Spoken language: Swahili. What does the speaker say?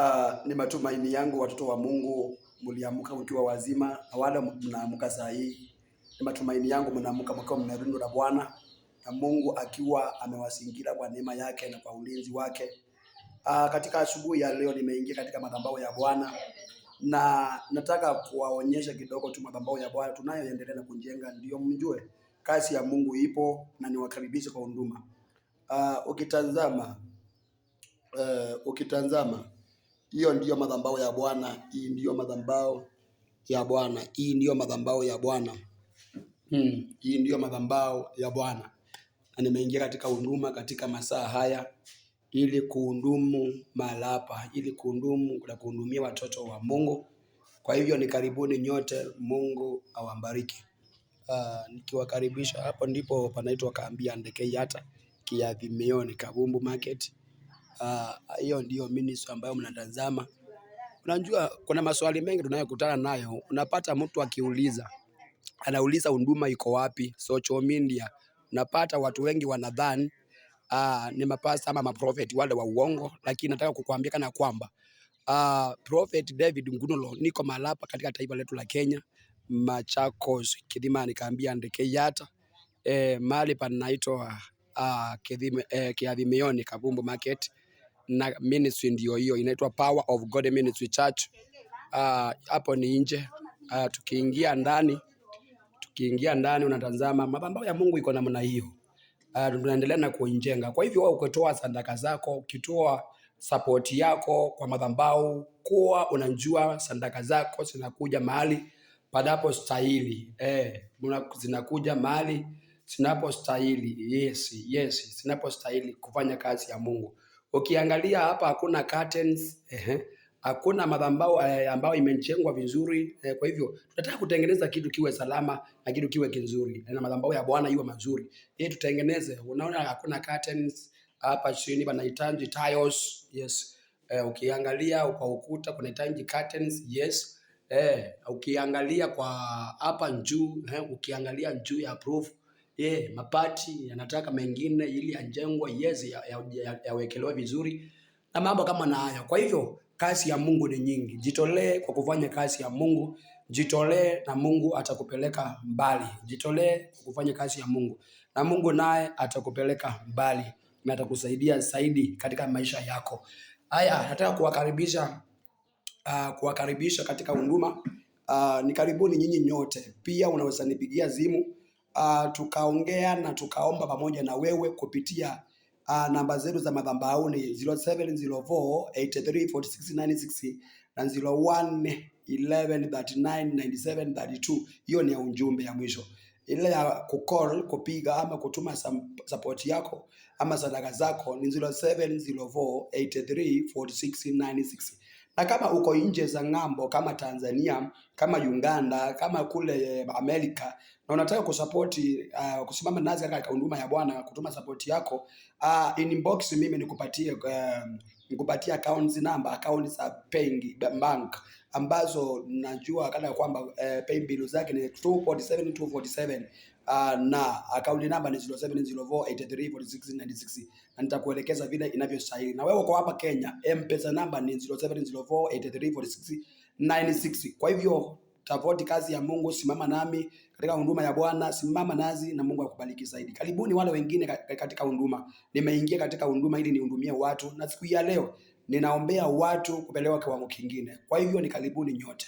Uh, ni matumaini yangu watoto wa Mungu mliamka mkiwa wazima na mnaamka saa hii, ni matumaini yangu mnaamka mkiwa mnalindwa na Bwana na Mungu akiwa amewasingira kwa neema yake na kwa ulinzi wake. Uh, katika asubuhi ya leo nimeingia katika madhabahu ya Bwana na nataka kuwaonyesha kidogo tu madhabahu ya Bwana tunayoendelea na kujenga, ndio mjue kasi ya Mungu ipo na niwakaribishe kwa huduma. Uh, ukitazama uh, ukitazama hiyo ndiyo madhambao ya Bwana, hii ndiyo madhambao ya Bwana, hii ndiyo madhambao ya Bwana. Hmm. Hii ndiyo madhambao ya Bwana, na nimeingia katika huduma katika masaa haya ili kuhudumu malapa ili kuhudumu na kuhudumia watoto wa Mungu. Kwa hivyo ni karibuni nyote, Mungu awabariki. Uh, nikiwakaribisha hapo ndipo panaitwa Kaambia Ndekei hata Kiavimeoni Kabumbu Market Ah, hiyo uh, ndio ministry ambayo mnatazama. Unajua kuna maswali mengi tunayokutana nayo, unapata mtu akiuliza anauliza unduma iko wapi social media. Unapata watu wengi wanadhani uh, ni mapasta ama maprofeti wale wa uongo, lakini nataka kukuambia kana kwamba uh, Prophet David Ngunulo niko malapa katika taifa letu la Kenya, Machakos, Kidimani, kaambia andike yata eh, mali panaitwa uh, eh, Kiadhimioni Kabumbu Market na ministry ndio hiyo inaitwa Power of God Ministry Church. Uh, hapo ni nje. Uh, tukiingia ndani tukiingia ndani unatazama mapambano ya Mungu iko namna hiyo. Uh, tunaendelea na kuijenga. Kwa hivyo wewe ukitoa sadaka zako, ukitoa support yako kwa madhabahu, kuwa unajua sadaka zako zinakuja mahali panapo stahili eh, zinakuja mahali zinapostahili. Yes, yes, zinapostahili kufanya kazi ya Mungu. Ukiangalia hapa hakuna curtains, ehe, hakuna madhambao eh, ambayo imejengwa vizuri eh, kwa hivyo tunataka kutengeneza kitu kiwe salama na kitu kiwe kizuri na madhambao ya Bwana iwe mazuri. Yeye tutengeneze, unaona hakuna curtains hapa chini panahitaji tiles. Yes. Eh, ukiangalia kwa ukuta kunahitaji curtains. Yes. Eh, ukiangalia kwa hapa juu eh, ukiangalia juu ya proof yeah, mapati yanataka mengine ili ajengwe yezi yawekelewe ya, ya, ya vizuri na mambo kama na haya. Kwa hivyo kazi ya Mungu ni nyingi, jitolee kwa kufanya kazi ya Mungu, jitolee na Mungu atakupeleka mbali. Jitolee kwa kufanya kazi ya Mungu na Mungu naye atakupeleka mbali na atakusaidia zaidi katika maisha yako. Haya, nataka kuwakaribisha uh, kuwakaribisha katika huduma uh, ni karibuni nyinyi nyote. Pia unaweza nipigia simu uh, tukaongea na tukaomba pamoja na wewe kupitia uh, namba zetu za madhambauni 0704834696 na 0111399732. Hiyo ni ya ujumbe ya mwisho, ile ya kucall kupiga ama kutuma support yako ama sadaka zako ni 0704834696 na kama uko nje za ng'ambo kama Tanzania, kama Uganda, kama kule eh, Amerika na unataka kusapoti uh, eh, kusimama nazi katika huduma ya Bwana, kutuma sapoti yako uh, inbox mimi nikupatie uh, nikupatie account namba, account za benki bank ambazo najua kana ya kwamba eh, pay bill zake ni 247 247 uh, na account number ni 0704834696 na nitakuelekeza vile inavyostahili. Na wewe uko hapa Kenya, mpesa namba ni 0704834696. Kwa hivyo tafauti kazi ya Mungu, simama nami katika huduma ya Bwana, simama nazi na Mungu akubariki zaidi. Karibuni wale wengine katika huduma. Nimeingia katika huduma ili nihudumie watu na siku ya leo ninaombea watu kupelewa kiwango kingine. Kwa hivyo ni karibuni nyote.